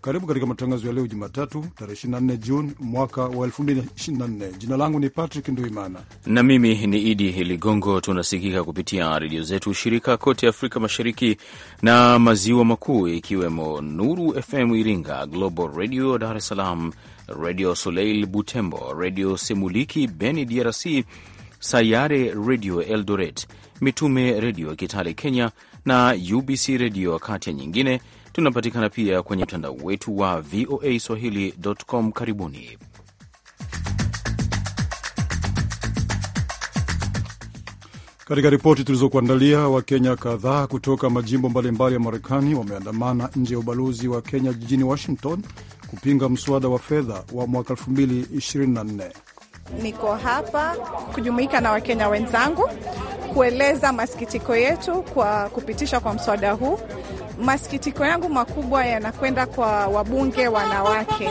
Karibu katika matangazo ya leo Jumatatu, tarehe 24 Juni mwaka wa 2024. Jina langu ni Patrick Nduimana na mimi ni Idi Ligongo. Tunasikika kupitia redio zetu shirika kote Afrika Mashariki na Maziwa Makuu, ikiwemo Nuru FM Iringa, Global Radio Dar es Salaam, Radio Soleil Butembo, Radio Semuliki Beni DRC, Sayare Radio Eldoret, Mitume Redio Kitale Kenya na UBC Redio, kati ya nyingine Tunapatikana pia kwenye mtandao wetu wa VOA swahili.com. Karibuni. Katika ripoti tulizokuandalia, Wakenya kadhaa kutoka majimbo mbalimbali ya Marekani wameandamana nje ya ubalozi wa Kenya jijini Washington kupinga mswada wa fedha wa mwaka 2024. Niko hapa kujumuika na Wakenya wenzangu kueleza masikitiko yetu kwa kupitishwa kwa mswada huu Masikitiko yangu makubwa yanakwenda kwa wabunge wanawake.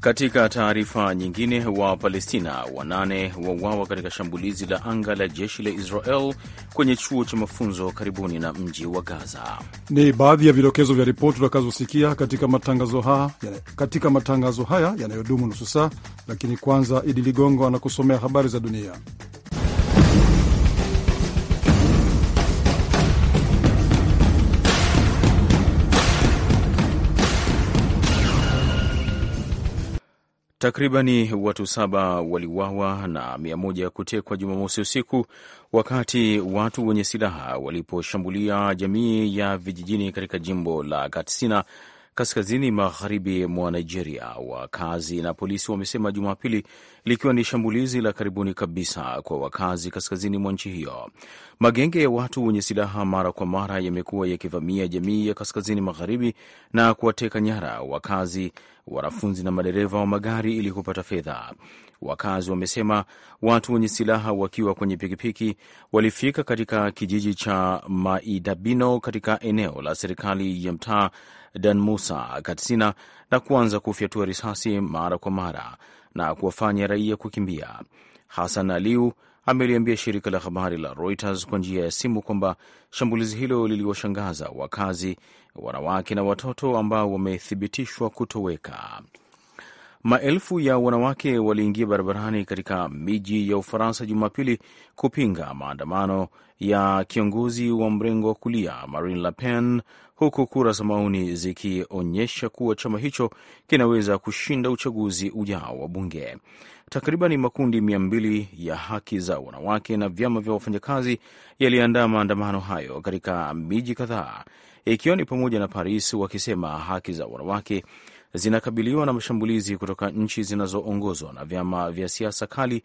Katika taarifa nyingine, wa Palestina wanane wauawa katika shambulizi la anga la jeshi la Israel kwenye chuo cha mafunzo karibuni na mji wa Gaza. Ni baadhi ya vidokezo vya ripoti utakazosikia katika matangazo haya, katika matangazo haya yanayodumu nusu saa, lakini kwanza Idi Ligongo anakusomea habari za dunia. Takribani watu saba waliuawa na mia moja kutekwa Jumamosi usiku wakati watu wenye silaha waliposhambulia jamii ya vijijini katika jimbo la Katsina kaskazini magharibi mwa Nigeria, wakazi na polisi wamesema Jumapili, likiwa ni shambulizi la karibuni kabisa kwa wakazi kaskazini mwa nchi hiyo. Magenge ya watu wenye silaha mara kwa mara yamekuwa yakivamia jamii ya kaskazini magharibi na kuwateka nyara wakazi wanafunzi na madereva wa magari ili kupata fedha. Wakazi wamesema watu wenye silaha wakiwa kwenye pikipiki walifika katika kijiji cha Maidabino katika eneo la serikali ya mtaa dan musa Katsina na kuanza kufyatua risasi mara kwa mara na kuwafanya raia kukimbia. Hasan Aliu ameliambia shirika la habari la Reuters kwa njia ya simu kwamba shambulizi hilo liliwashangaza wakazi wanawake na watoto ambao wamethibitishwa kutoweka. Maelfu ya wanawake waliingia barabarani katika miji ya Ufaransa Jumapili kupinga maandamano ya kiongozi wa mrengo wa kulia Marine Le Pen, huku kura za maoni zikionyesha kuwa chama hicho kinaweza kushinda uchaguzi ujao wa bunge. Takriban makundi mia mbili ya haki za wanawake na vyama vya wafanyakazi yaliandaa maandamano hayo katika miji kadhaa ikiwa ni pamoja na Paris, wakisema haki za wanawake zinakabiliwa na mashambulizi kutoka nchi zinazoongozwa na vyama vya siasa kali.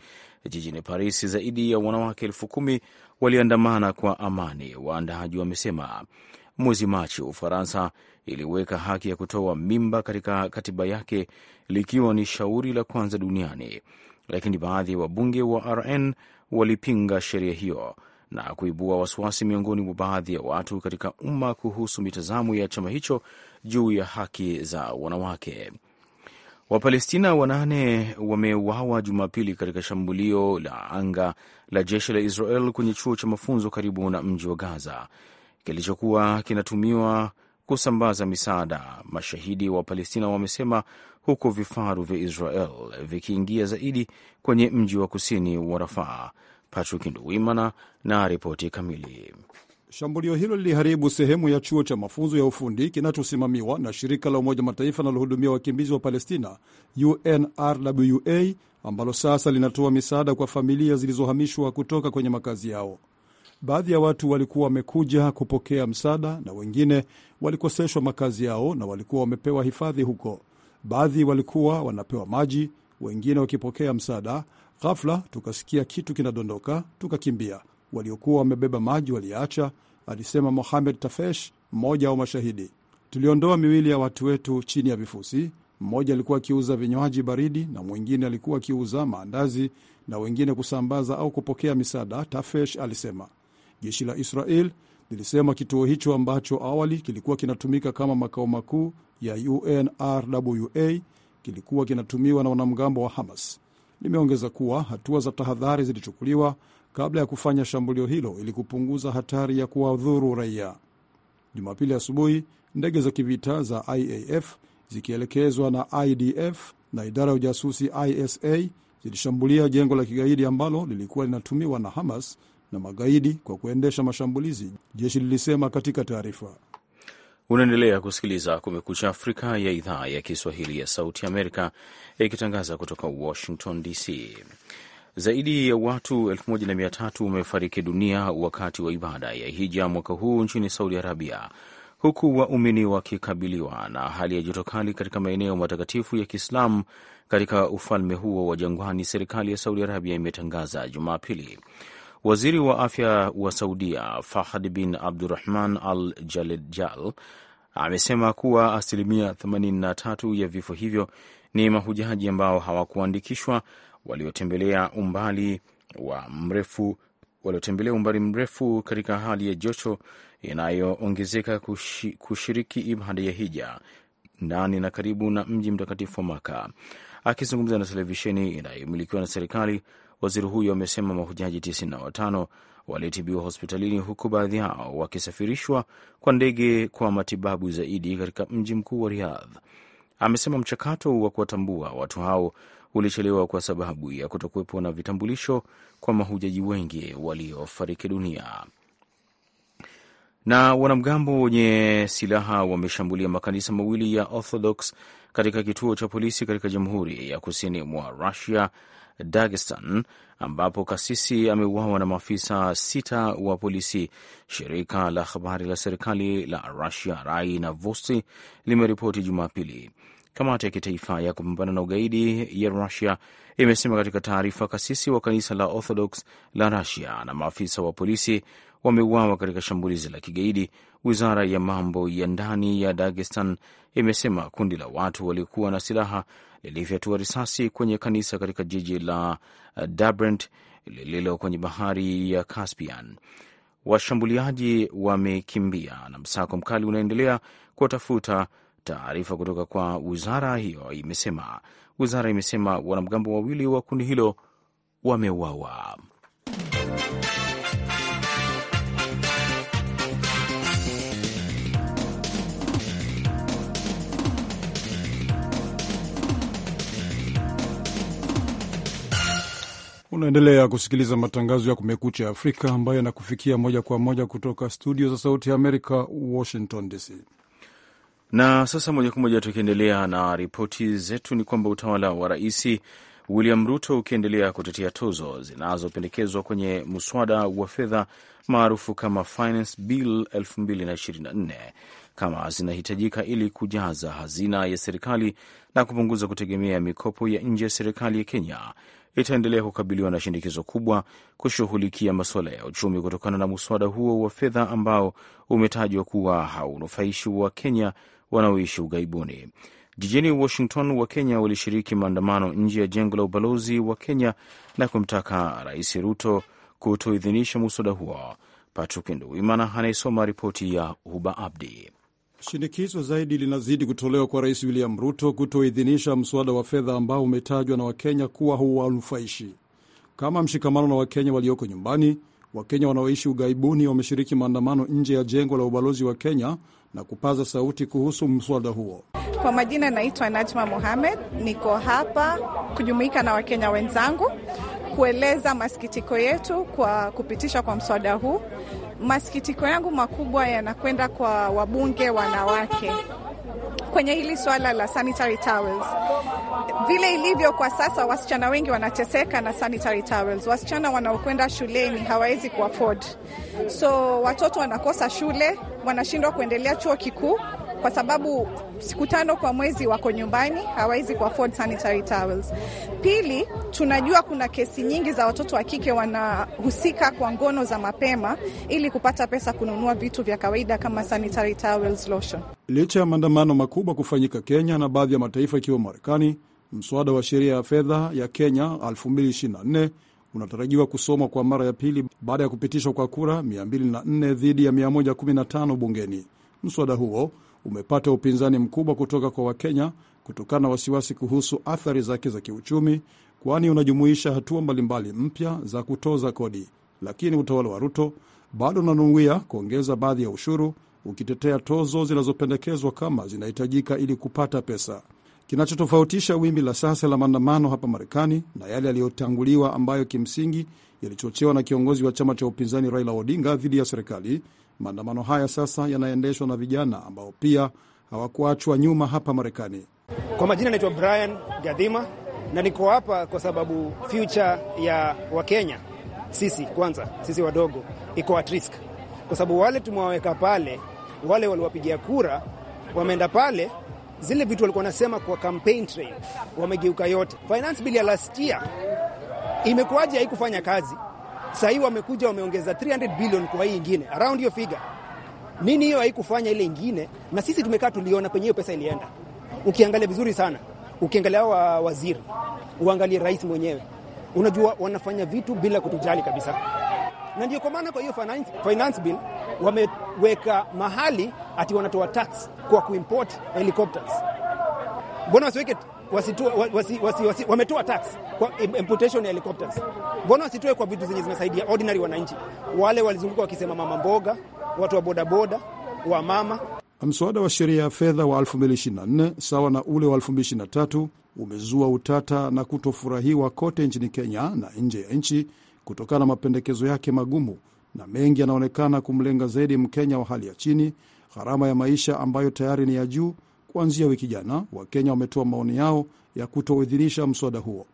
Jijini Paris, zaidi ya wanawake elfu kumi waliandamana kwa amani, waandaaji wamesema. Mwezi Machi, Ufaransa iliweka haki ya kutoa mimba katika katiba yake, likiwa ni shauri la kwanza duniani, lakini baadhi ya wabunge wa RN walipinga sheria hiyo na kuibua wasiwasi miongoni mwa baadhi ya watu katika umma kuhusu mitazamo ya chama hicho juu ya haki za wanawake. Wapalestina wanane wameuawa Jumapili katika shambulio la anga la jeshi la Israel kwenye chuo cha mafunzo karibu na mji wa Gaza kilichokuwa kinatumiwa kusambaza misaada, mashahidi wa Palestina wamesema, huku vifaru vya Israel vikiingia zaidi kwenye mji wa kusini wa Rafaa Patrick Nduwimana na ripoti kamili. Shambulio hilo liliharibu sehemu ya chuo cha mafunzo ya ufundi kinachosimamiwa na shirika la Umoja Mataifa linalohudumia wakimbizi wa Palestina, UNRWA, ambalo sasa linatoa misaada kwa familia zilizohamishwa kutoka kwenye makazi yao. Baadhi ya watu walikuwa wamekuja kupokea msaada na wengine walikoseshwa makazi yao na walikuwa wamepewa hifadhi huko. Baadhi walikuwa wanapewa maji, wengine wakipokea msaada, Ghafla tukasikia kitu kinadondoka, tukakimbia. Waliokuwa wamebeba maji waliacha, alisema Mohamed Tafesh, mmoja wa mashahidi. Tuliondoa miwili ya watu wetu chini ya vifusi. Mmoja alikuwa akiuza vinywaji baridi na mwingine alikuwa akiuza maandazi na wengine kusambaza au kupokea misaada, Tafesh alisema. Jeshi la Israel lilisema kituo hicho ambacho awali kilikuwa kinatumika kama makao makuu ya UNRWA kilikuwa kinatumiwa na wanamgambo wa Hamas limeongeza kuwa hatua za tahadhari zilichukuliwa kabla ya kufanya shambulio hilo ili kupunguza hatari ya kuwadhuru raia. Jumapili asubuhi ndege za kivita za IAF zikielekezwa na IDF na idara ya ujasusi ISA zilishambulia jengo la kigaidi ambalo lilikuwa linatumiwa na Hamas na magaidi kwa kuendesha mashambulizi, jeshi lilisema katika taarifa. Unaendelea kusikiliza Kumekucha Afrika ya idhaa ya Kiswahili ya Sauti Amerika ikitangaza kutoka Washington DC. Zaidi ya watu 1300 wamefariki dunia wakati wa ibada ya hija mwaka huu nchini Saudi Arabia, huku waumini wakikabiliwa na hali ya joto kali katika maeneo matakatifu ya Kiislamu katika ufalme huo wa jangwani. Serikali ya Saudi Arabia imetangaza Jumapili Waziri wa afya wa Saudia Fahad bin Abdurahman Al Jalejal amesema kuwa asilimia 83 ya vifo hivyo ni mahujaji ambao hawakuandikishwa waliotembelea umbali wa mrefu waliotembelea umbali mrefu katika hali ya joto inayoongezeka kushiriki ibada ya hija ndani na karibu na mji mtakatifu wa Maka. Akizungumza na televisheni inayomilikiwa na serikali, Waziri huyo amesema mahujaji 95 walitibiwa hospitalini huku baadhi yao wakisafirishwa kwa ndege kwa matibabu zaidi katika mji mkuu wa Riyadh. Amesema mchakato wa kuwatambua watu hao ulichelewa kwa sababu ya kutokuwepo na vitambulisho kwa mahujaji wengi waliofariki dunia. Na wanamgambo wenye silaha wameshambulia makanisa mawili ya Orthodox katika kituo cha polisi katika Jamhuri ya Kusini mwa Rusia Dagestan, ambapo kasisi ameuawa na maafisa sita wa polisi. Shirika la habari la serikali la Russia Rai na Vosti limeripoti Jumapili. Kamati ya kitaifa ya kupambana na ugaidi ya Rusia imesema katika taarifa, kasisi wa kanisa la Orthodox la Rusia na maafisa wa polisi wameuawa katika shambulizi la kigaidi. Wizara ya mambo ya ndani ya Dagestan imesema kundi la watu waliokuwa na silaha lilifyatua risasi kwenye kanisa katika jiji la eh, Dabrent lililo kwenye bahari ya Caspian. Washambuliaji wamekimbia na msako mkali unaendelea kuwatafuta. Taarifa kutoka kwa wizara hiyo imesema, wizara imesema wanamgambo wawili wa kundi hilo wameuawa. Unaendelea kusikiliza matangazo ya Kumekucha Afrika ambayo yanakufikia moja kwa moja kutoka studio za Sauti ya Amerika, Washington DC. Na sasa moja kwa moja tukiendelea na ripoti zetu, ni kwamba utawala wa Rais William Ruto ukiendelea kutetea tozo zinazopendekezwa kwenye mswada wa fedha maarufu kama Finance Bill 2024 kama zinahitajika ili kujaza hazina ya serikali na kupunguza kutegemea mikopo ya nje ya serikali ya Kenya itaendelea kukabiliwa na shinikizo kubwa kushughulikia masuala ya uchumi kutokana na muswada huo wa fedha ambao umetajwa kuwa haunufaishi wa Kenya wanaoishi ughaibuni. Jijini Washington, Wakenya walishiriki maandamano nje ya jengo la ubalozi wa Kenya na kumtaka Rais Ruto kutoidhinisha muswada huo. Patrick Nduwimana anayesoma ripoti ya Huba Abdi. Shinikizo zaidi linazidi kutolewa kwa Rais William Ruto kutoidhinisha mswada wa fedha ambao umetajwa na Wakenya kuwa huwanufaishi. Kama mshikamano na Wakenya walioko nyumbani, Wakenya wanaoishi ughaibuni wameshiriki maandamano nje ya jengo la ubalozi wa Kenya na kupaza sauti kuhusu mswada huo. Kwa majina naitwa Najma Mohamed, niko hapa kujumuika na Wakenya wenzangu kueleza masikitiko yetu kwa kupitishwa kwa mswada huu masikitiko yangu makubwa yanakwenda kwa wabunge wanawake kwenye hili swala la sanitary towels. Vile ilivyo kwa sasa, wasichana wengi wanateseka na sanitary towels. Wasichana wanaokwenda shuleni hawawezi kuafford, so watoto wanakosa shule, wanashindwa kuendelea chuo kikuu kwa sababu siku tano kwa mwezi wako nyumbani, hawawezi afford sanitary towels. Pili, tunajua kuna kesi nyingi za watoto wa kike wanahusika kwa ngono za mapema ili kupata pesa kununua vitu vya kawaida kama sanitary towels, lotion. Licha ya maandamano makubwa kufanyika Kenya na baadhi ya mataifa ikiwa Marekani, mswada wa sheria ya fedha ya Kenya 2024 unatarajiwa kusomwa kwa mara ya pili baada ya kupitishwa kwa kura 204 dhidi ya 115 bungeni. Mswada huo umepata upinzani mkubwa kutoka kwa Wakenya kutokana na wasiwasi kuhusu athari zake za kiuchumi, kwani unajumuisha hatua mbalimbali mpya za kutoza kodi. Lakini utawala wa Ruto bado unanuia kuongeza baadhi ya ushuru, ukitetea tozo zinazopendekezwa kama zinahitajika ili kupata pesa. Kinachotofautisha wimbi la sasa la maandamano hapa Marekani na yale yaliyotanguliwa ambayo kimsingi yalichochewa na kiongozi wa chama cha upinzani Raila Odinga dhidi ya serikali Maandamano haya sasa yanaendeshwa na vijana ambao pia hawakuachwa nyuma hapa Marekani. Kwa majina anaitwa Brian Gadhima na niko hapa kwa sababu future ya Wakenya sisi kwanza, sisi wadogo iko at risk, kwa sababu wale tumewaweka pale, wale waliwapigia kura wameenda pale, zile vitu walikuwa wanasema kwa campaign trail wamegeuka yote. Finance bill ya last year imekuwaje? Haikufanya kazi sasa hii wamekuja wameongeza 300 billion kwa hii ingine, around hiyo figure. Nini hiyo haikufanya ile ingine? Na sisi tumekaa tuliona kwenye hiyo pesa ilienda. Ukiangalia vizuri sana, ukiangalia wa waziri, uangalie rais mwenyewe, unajua wanafanya vitu bila kutujali kabisa, na ndio kwa maana kwa hiyo finance, finance bill wameweka mahali ati wanatoa tax kwa kuimport helicopters. Mbona wasiweke wasi, wasi, wasi, wametoa tax kwa importation ya helicopters. Mbona wasitoe kwa vitu zenye zinasaidia ordinary wananchi? Wale walizunguka wakisema mama mboga, watu wa bodaboda, wa mama. Mswada wa sheria ya fedha wa 2024 sawa na ule wa 2023 umezua utata na kutofurahiwa kote nchini Kenya na nje ya nchi kutokana na mapendekezo yake magumu, na mengi yanaonekana kumlenga zaidi Mkenya wa hali ya chini, gharama ya maisha ambayo tayari ni ya juu Kuanzia wiki jana, Wakenya wametoa maoni yao ya kutoidhinisha mswada huo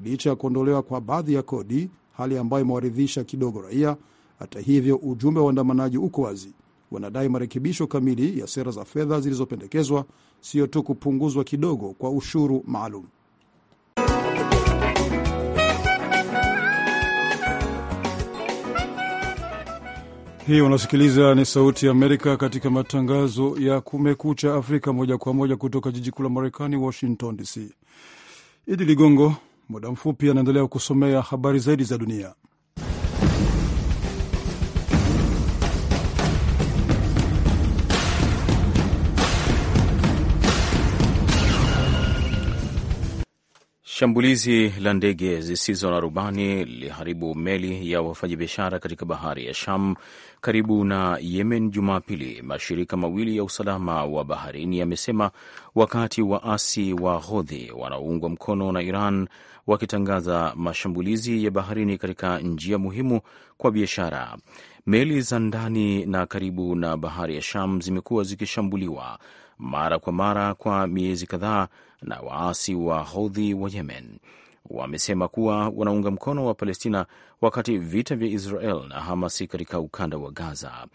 licha ya kuondolewa kwa baadhi ya kodi, hali ambayo imewaridhisha kidogo raia. Hata hivyo, ujumbe wa waandamanaji uko wazi, wanadai marekebisho kamili ya sera za fedha zilizopendekezwa, sio tu kupunguzwa kidogo kwa ushuru maalum. Hii unasikiliza ni Sauti ya Amerika katika matangazo ya Kumekucha Afrika, moja kwa moja kutoka jiji kuu la Marekani, Washington DC. Idi Ligongo muda mfupi anaendelea kusomea habari zaidi za dunia. Shambulizi la ndege zisizo na rubani liliharibu meli ya wafanyabiashara katika bahari ya Sham karibu na Yemen Jumapili, mashirika mawili ya usalama wa baharini yamesema, wakati waasi wa Hodhi wanaoungwa mkono na Iran wakitangaza mashambulizi ya baharini katika njia muhimu kwa biashara. Meli za ndani na karibu na bahari ya Sham zimekuwa zikishambuliwa mara kwa mara kwa miezi kadhaa na waasi wa Hodhi wa Yemen wamesema kuwa wanaunga mkono wa Palestina wakati vita vya Israel na Hamas katika ukanda wa Gaza.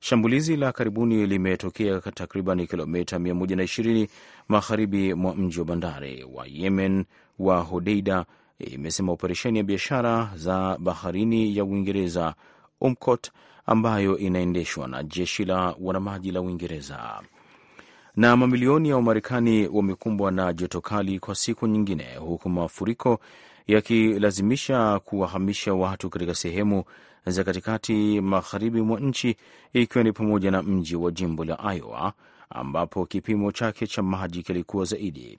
Shambulizi la karibuni limetokea takriban kilomita 120 magharibi mwa mji wa bandari wa Yemen wa Hodeida, imesema operesheni ya biashara za baharini ya Uingereza, Umcot, ambayo inaendeshwa na jeshi la wanamaji la Uingereza. Na mamilioni ya Wamarekani wamekumbwa na joto kali kwa siku nyingine, huku mafuriko yakilazimisha kuwahamisha watu katika sehemu za katikati magharibi mwa nchi, ikiwa ni pamoja na mji wa jimbo la Iowa ambapo kipimo chake cha maji kilikuwa zaidi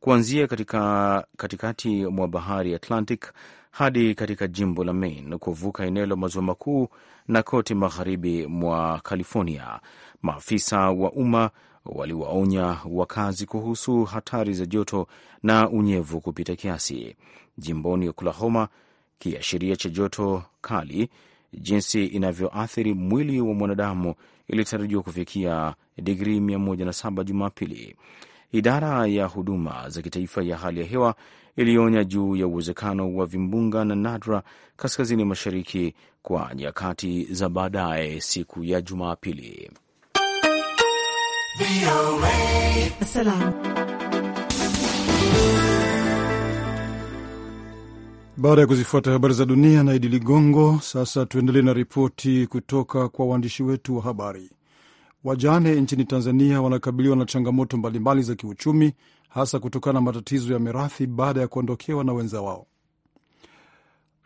kuanzia katika katikati mwa bahari Atlantic hadi katika jimbo la Maine, kuvuka eneo la maziwa makuu na kote magharibi mwa California. Maafisa wa umma waliwaonya wakazi kuhusu hatari za joto na unyevu kupita kiasi jimboni Oklahoma, kiashiria cha joto kali jinsi inavyoathiri mwili wa mwanadamu ilitarajiwa kufikia digrii 107 Jumapili. Idara ya huduma za kitaifa ya hali ya hewa ilionya juu ya uwezekano wa vimbunga na nadra kaskazini mashariki kwa nyakati za baadaye siku ya Jumapili. Assalam. Baada ya kuzifuata habari za dunia na Idi Ligongo, sasa tuendelee na ripoti kutoka kwa waandishi wetu wa habari. Wajane nchini Tanzania wanakabiliwa na changamoto mbalimbali za kiuchumi, hasa kutokana na matatizo ya mirathi baada ya kuondokewa na wenza wao.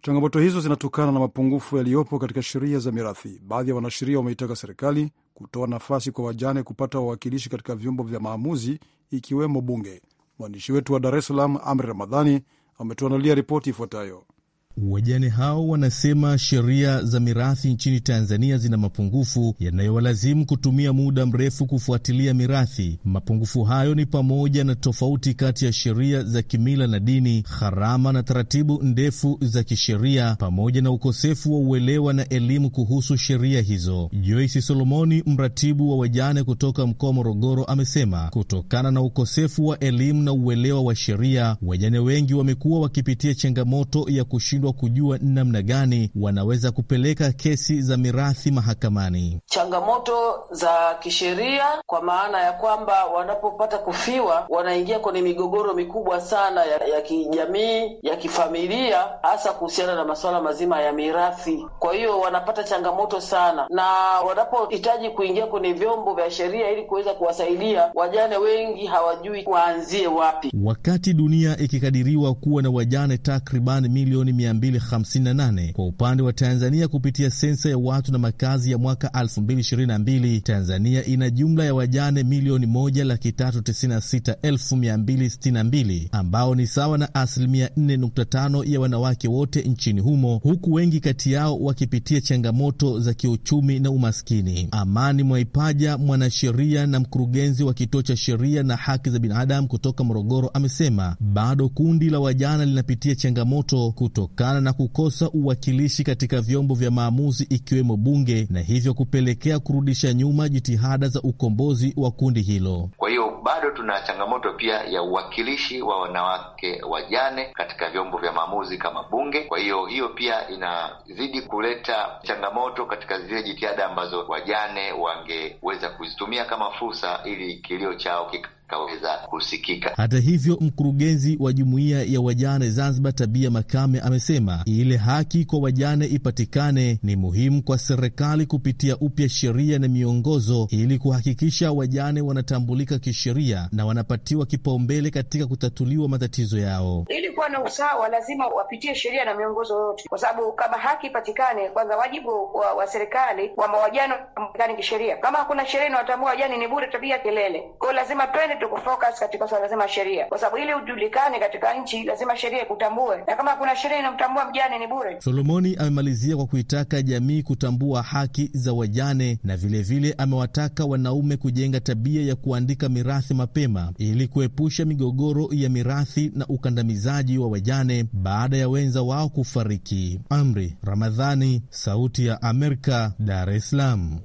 Changamoto hizo zinatokana na mapungufu yaliyopo katika sheria za mirathi. Baadhi ya wanasheria wameitaka serikali kutoa nafasi kwa wajane kupata wawakilishi katika vyombo vya maamuzi ikiwemo bunge. Mwandishi wetu wa Dar es Salaam, Amri Ramadhani, ametuandalia ripoti ifuatayo. Wajane hao wanasema sheria za mirathi nchini Tanzania zina mapungufu yanayowalazimu kutumia muda mrefu kufuatilia mirathi. Mapungufu hayo ni pamoja na tofauti kati ya sheria za kimila na dini, gharama na taratibu ndefu za kisheria, pamoja na ukosefu wa uelewa na elimu kuhusu sheria hizo. Joyce Solomoni, mratibu wa wajane kutoka mkoa Morogoro, amesema kutokana na ukosefu wa elimu na uelewa wa sheria, wajane wengi wamekuwa wakipitia changamoto ya kushindwa wanashindwa kujua namna gani wanaweza kupeleka kesi za mirathi mahakamani. Changamoto za kisheria, kwa maana ya kwamba wanapopata kufiwa wanaingia kwenye migogoro mikubwa sana ya, ya kijamii, ya kifamilia, hasa kuhusiana na masuala mazima ya mirathi. Kwa hiyo wanapata changamoto sana, na wanapohitaji kuingia kwenye vyombo vya sheria ili kuweza kuwasaidia wajane, wengi hawajui waanzie wapi, wakati dunia ikikadiriwa kuwa na wajane takriban milioni mia 258 kwa upande wa Tanzania kupitia sensa ya watu na makazi ya mwaka 2022, Tanzania ina jumla ya wajane milioni 1,396,262 ambao ni sawa na asilimia 4.5 ya wanawake wote nchini humo, huku wengi kati yao wakipitia changamoto za kiuchumi na umaskini. Amani Mwaipaja, mwanasheria na mkurugenzi wa kituo cha sheria na haki za binadamu kutoka Morogoro, amesema bado kundi la wajana linapitia changamoto kutoka kutokana na kukosa uwakilishi katika vyombo vya maamuzi ikiwemo bunge na hivyo kupelekea kurudisha nyuma jitihada za ukombozi wa kundi hilo. Kwa hiyo bado tuna changamoto pia ya uwakilishi wa wanawake wajane katika vyombo vya maamuzi kama Bunge. Kwa hiyo hiyo pia inazidi kuleta changamoto katika zile jitihada ambazo wajane wangeweza kuzitumia kama fursa ili kilio chao kikaweza kusikika. Hata hivyo, mkurugenzi wa jumuiya ya wajane Zanzibar, Tabia Makame, amesema ile haki kwa wajane ipatikane, ni muhimu kwa serikali kupitia upya sheria na miongozo ili kuhakikisha wajane wanatambulika kisheria sheria na wanapatiwa kipaumbele katika kutatuliwa matatizo yao. Ili kuwa na usawa, lazima wapitie sheria na miongozo yote, kwa sababu kama haki ipatikane, kwanza wajibu wa, wa serikali kwamba wajane wapatikane kisheria. Kama hakuna sheria inawatambua wajane, ni bure tabia kelele. Kwa hiyo lazima twende tukufocus katika swala zima sheria, kwa sababu ili ujulikane katika nchi lazima sheria ikutambue, na kama hakuna sheria inamtambua mjane, ni bure. Solomoni amemalizia kwa kuitaka jamii kutambua haki za wajane na vilevile vile amewataka wanaume kujenga tabia ya kuandika mirathi mirathi mapema ili kuepusha migogoro ya mirathi na ukandamizaji wa wajane baada ya wenza wao kufariki. Amri Ramadhani, Sauti ya Amerika, Dar es Salaam.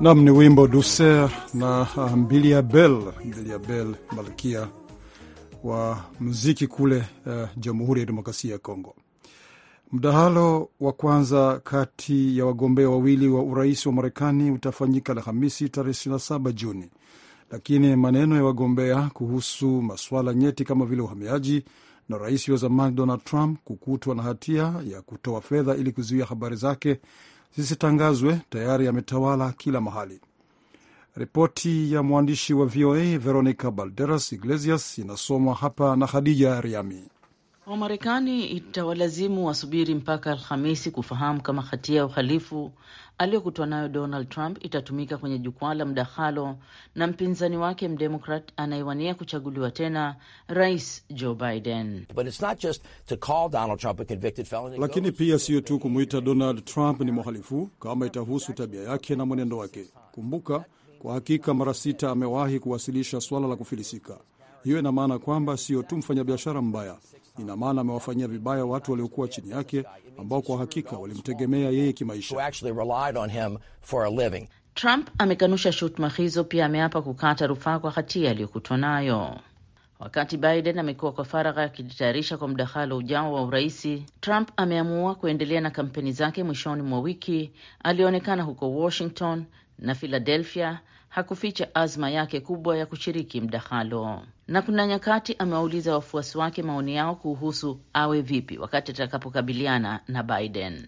Nam ni wimbo Duser na Mbilia ah, Bel, Mbilia Bel, malkia wa muziki kule uh, Jamhuri ya Demokrasia ya Kongo. Mdahalo wa kwanza kati ya wagombea wawili wa urais wa Marekani utafanyika Alhamisi tarehe 27 Juni, lakini maneno ya wagombea kuhusu masuala nyeti kama vile uhamiaji na rais wa zamani Donald Trump kukutwa na hatia ya kutoa fedha ili kuzuia habari zake zisitangazwe tayari yametawala kila mahali. Ripoti ya mwandishi wa VOA Veronica Balderas Iglesias inasomwa hapa na Khadija Riami. Wamarekani itawalazimu wasubiri mpaka Alhamisi kufahamu kama hatia ya uhalifu aliyokutwa nayo Donald Trump itatumika kwenye jukwaa la mdahalo na mpinzani wake mdemokrat anayewania kuchaguliwa tena Rais Joe Biden. Lakini pia siyo tu kumwita Donald Trump ni mhalifu kama itahusu tabia yake na mwenendo wake. Kumbuka, kwa hakika mara sita amewahi kuwasilisha swala la kufilisika. Hiyo ina maana kwamba siyo tu mfanyabiashara mbaya, Ina maana amewafanyia vibaya watu waliokuwa chini yake ambao kwa hakika walimtegemea yeye kimaisha. Trump amekanusha shutuma hizo, pia ameapa kukata rufaa kwa hatia aliyokutwa nayo. Wakati Biden amekuwa kwa faragha akijitayarisha kwa mdahalo ujao wa uraisi, Trump ameamua kuendelea na kampeni zake mwishoni mwa wiki. Alionekana huko Washington na Philadelphia hakuficha azma yake kubwa ya kushiriki mdahalo, na kuna nyakati amewauliza wafuasi wake maoni yao kuhusu awe vipi wakati atakapokabiliana na Biden.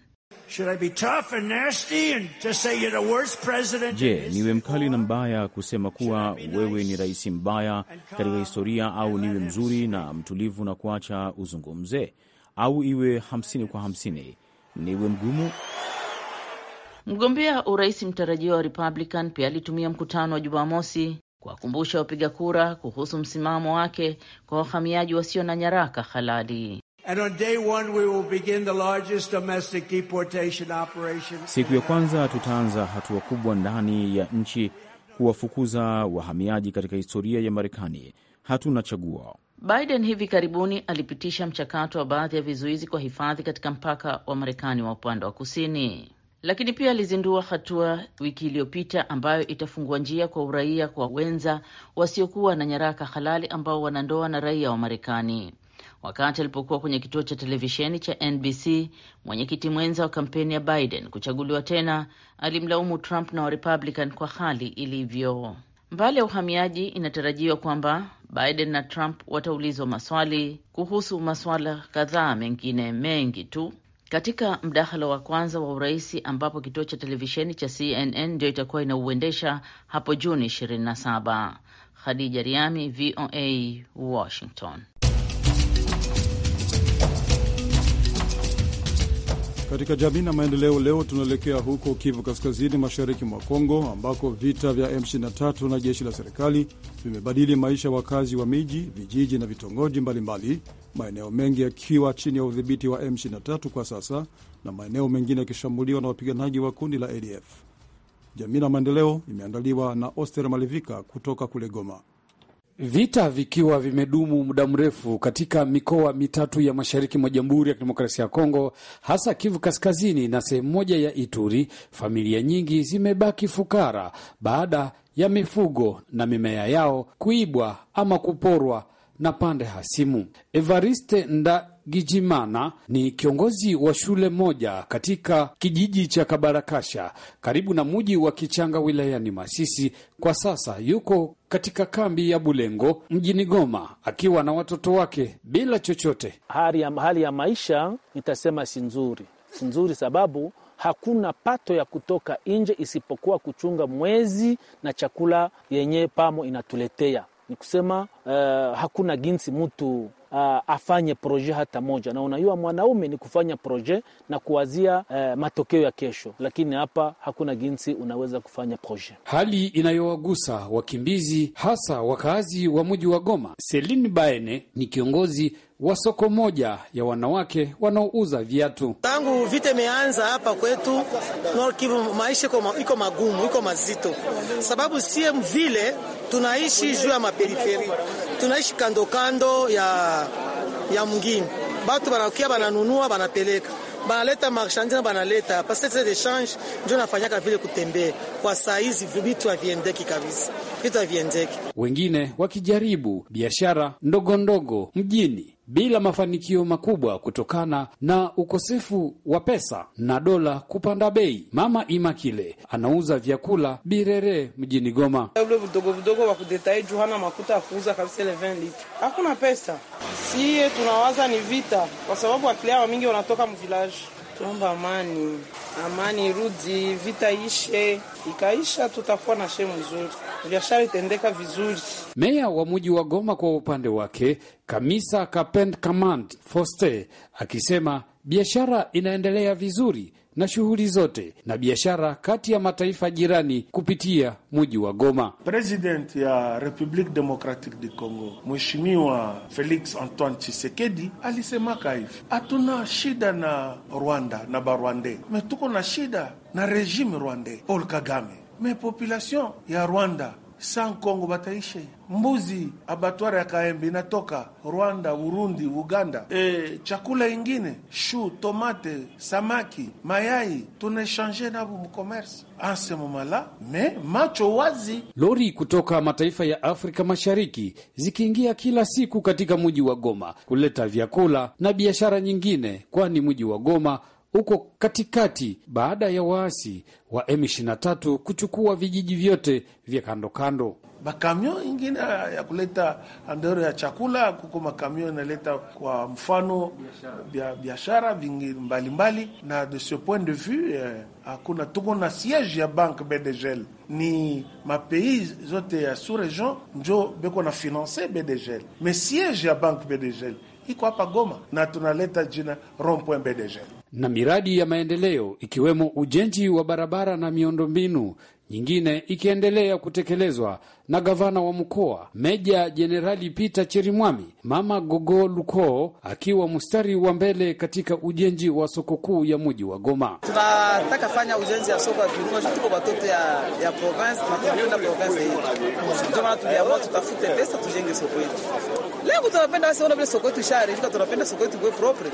Je, niwe mkali na mbaya kusema kuwa wewe ni rais mbaya katika historia, au niwe mzuri na mtulivu na kuacha uzungumze, au iwe hamsini kwa hamsini, niwe mgumu Mgombea urais mtarajiwa wa Republican pia alitumia mkutano wa Jumamosi kuwakumbusha wapiga kura kuhusu msimamo wake kwa wahamiaji wasio na nyaraka halali. Siku ya kwanza tutaanza hatua kubwa ndani ya nchi kuwafukuza wahamiaji katika historia ya Marekani. Hatuna chaguo. Biden hivi karibuni alipitisha mchakato wa baadhi ya vizuizi kwa hifadhi katika mpaka wa Marekani wa upande wa kusini lakini pia alizindua hatua wiki iliyopita ambayo itafungua njia kwa uraia kwa wenza wasiokuwa na nyaraka halali ambao wanandoa na raia wa Marekani. Wakati alipokuwa kwenye kituo cha televisheni cha NBC, mwenyekiti mwenza wa kampeni ya Biden kuchaguliwa tena alimlaumu Trump na Warepublican kwa hali ilivyo. Mbali ya uhamiaji, inatarajiwa kwamba Biden na Trump wataulizwa maswali kuhusu masuala kadhaa mengine mengi tu katika mdahalo wa kwanza wa urais ambapo kituo cha televisheni cha CNN ndio itakuwa inauendesha hapo Juni 27. Khadija Riami, VOA, Washington. Katika jamii na maendeleo, leo tunaelekea huko Kivu Kaskazini, mashariki mwa Kongo, ambako vita vya M23 na jeshi la serikali vimebadili maisha ya wakazi wa miji, vijiji na vitongoji mbalimbali, maeneo mengi yakiwa chini ya udhibiti wa M23 kwa sasa na maeneo mengine yakishambuliwa na wapiganaji wa kundi la ADF. Jamii na maendeleo imeandaliwa na Oster Malivika kutoka kule Goma. Vita vikiwa vimedumu muda mrefu katika mikoa mitatu ya mashariki mwa Jamhuri ya Kidemokrasia ya Kongo, hasa Kivu Kaskazini na sehemu moja ya Ituri, familia nyingi zimebaki fukara baada ya mifugo na mimea yao kuibwa ama kuporwa na pande hasimu. Evariste Nda Gijimana ni kiongozi wa shule moja katika kijiji cha Kabarakasha karibu na muji wa Kichanga wilayani Masisi. Kwa sasa yuko katika kambi ya Bulengo mjini Goma akiwa na watoto wake bila chochote. Hali ya, hali ya maisha nitasema si nzuri, si nzuri sababu hakuna pato ya kutoka nje isipokuwa kuchunga mwezi na chakula yenye pamo inatuletea ni kusema uh, hakuna ginsi mtu uh, afanye proje hata moja, na unajua mwanaume ni kufanya proje na kuwazia uh, matokeo ya kesho, lakini hapa hakuna jinsi unaweza kufanya proje. Hali inayowagusa wakimbizi hasa wakazi wa mji wa Goma. Celine Baene ni kiongozi wa soko moja ya wanawake wanaouza viatu. Tangu vita imeanza hapa kwetu Nord Kivu, maisha iko magumu, iko mazito, sababu sie vile tunaishi juu ya maperiferi tunaishi kando kando ya, ya mngini, batu banakia bananunua banapeleka banaleta marchandise banaleta pasete dechange njo nafanyaka vile kutembea kwa saizi, vitu haviendeki kabisa, vitu haviendeki. Wengine wakijaribu biashara ndogondogo mjini bila mafanikio makubwa kutokana na ukosefu wa pesa na dola kupanda bei. Mama Imakile anauza vyakula Birere mjini Goma. Ule vidogo vidogo wa kudetai juu hana makuta ya kuuza kabisa, ile 20 lita hakuna pesa. Siye tunawaza ni vita, kwa sababu wakilia wa mingi wanatoka mvilaji tunaomba amani, amani irudi, vita ishe. Ikaisha tutakuwa na shemu nzuri, biashara itendeka vizuri. Meya wa mji wa Goma kwa upande wake Kamisa Kapend Command Foste akisema biashara inaendelea vizuri na shughuli zote na biashara kati ya mataifa jirani kupitia muji wa Goma. President ya Republique Democratique du Congo Mheshimiwa Felix Antoine Tshisekedi alisemaka hivi, hatuna shida na Rwanda na Barwande, metuko na shida na regime rwande Paul Kagame, me population ya Rwanda Sankongo bataishe mbuzi, abatwara ya kaembe inatoka Rwanda, Burundi, Uganda. E, chakula ingine shu, tomate, samaki, mayai tunaeshange navo mkomersi ansemomala me macho wazi. Lori kutoka mataifa ya Afrika Mashariki zikiingia kila siku katika mji wa Goma kuleta vyakula na biashara nyingine, kwani mji wa Goma huko katikati baada ya waasi wa M23 kuchukua vijiji vyote vya kando kando. Makamio ingine ya kuleta andoro ya chakula kuko makamio inaleta kwa mfano biashara vingi mbalimbali, na de ce point de vue eh, hakuna tuko na siege ya bank BDGL ni mapeis zote ya sous region njo beko na finance BDGL, mais siege ya bank BDGL iko hapa Goma na tunaleta jina rond point BDGL na miradi ya maendeleo ikiwemo ujenzi wa barabara na miundombinu nyingine ikiendelea kutekelezwa na gavana wa mkoa Meja Jenerali Peter Cherimwami, Mama Gogo Luko akiwa mstari wa mbele katika ujenzi wa soko kuu ya muji wa Goma. Tunataka fanya ujenzi ya soko ya Kirunga, tuko watoto ya, ya province na tunapenda province yetu, ndio maana tuliamua tutafute pesa tujenge soko yetu. Lengo tunapenda sasa, ona vile soko yetu tunapenda soko yetu propre,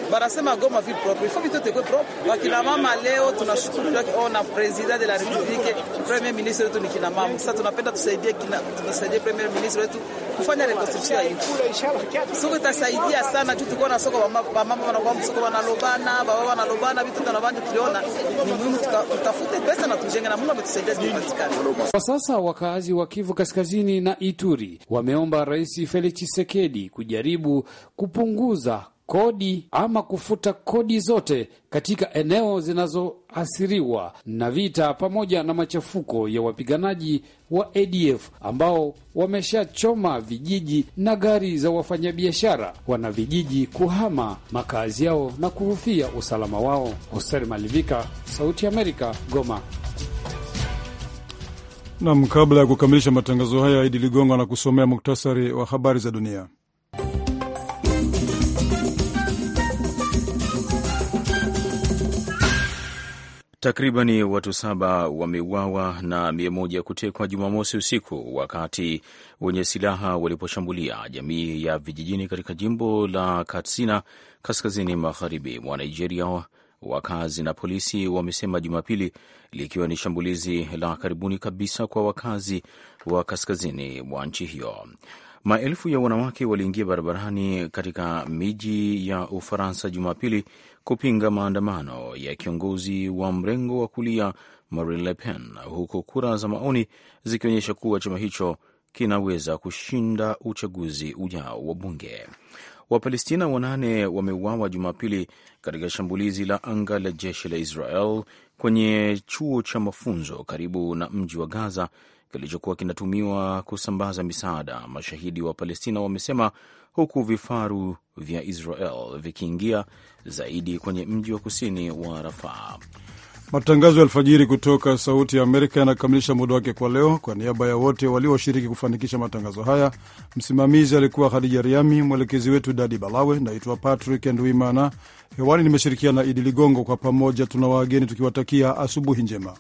Goma vile propre, ifo vitote propre. Wakina mama leo tunashukuru oh, president de la republique premier ministre wetu ni kina mama. Sasa tunapenda tusaidie kina tusaidie premier ministre wetu kufanya reconstruction ya nchi. Soko itasaidia sana juu tuko na soko wa mama wanakuwa msoko wanalobana, baba wanalobana, vitu tunavanja tuliona ni muhimu tutafute pesa na tujenge na Mungu ametusaidia zipatikane. Kwa sasa wakazi wa Kivu Kaskazini na Ituri wameomba Rais Felix Tshisekedi kujaribu kupunguza kodi ama kufuta kodi zote katika eneo zinazoathiriwa na vita pamoja na machafuko ya wapiganaji wa ADF ambao wameshachoma vijiji na gari za wafanyabiashara, wana vijiji kuhama makazi yao na kuhofia usalama wao. Hoser Malivika, Sauti ya Amerika, Goma. Nam, kabla ya kukamilisha matangazo haya, Idi Ligongo anakusomea muktasari wa habari za dunia. Takribani watu saba wameuawa na mia moja kutekwa Jumamosi usiku wakati wenye silaha waliposhambulia jamii ya vijijini katika jimbo la Katsina kaskazini magharibi mwa Nigeria, wakazi na polisi wamesema Jumapili, likiwa ni shambulizi la karibuni kabisa kwa wakazi wa kaskazini mwa nchi hiyo. Maelfu ya wanawake waliingia barabarani katika miji ya Ufaransa Jumapili kupinga maandamano ya kiongozi wa mrengo wa kulia Marine Le Pen, huku kura za maoni zikionyesha kuwa chama hicho kinaweza kushinda uchaguzi ujao wa bunge. Wapalestina wanane wameuawa Jumapili katika shambulizi la anga la jeshi la Israel kwenye chuo cha mafunzo karibu na mji wa Gaza kilichokuwa kinatumiwa kusambaza misaada. Mashahidi wa Palestina wamesema huku vifaru vya Israel vikiingia zaidi kwenye mji wa kusini wa Rafaa. Matangazo ya alfajiri kutoka Sauti ya Amerika yanakamilisha muda wake kwa leo. Kwa niaba ya wote walioshiriki kufanikisha matangazo haya, msimamizi alikuwa Hadija Riami, mwelekezi wetu Dadi Balawe. Naitwa Patrick Nduimana, hewani nimeshirikiana na Idi Ligongo. Kwa pamoja tuna wageni tukiwatakia asubuhi njema.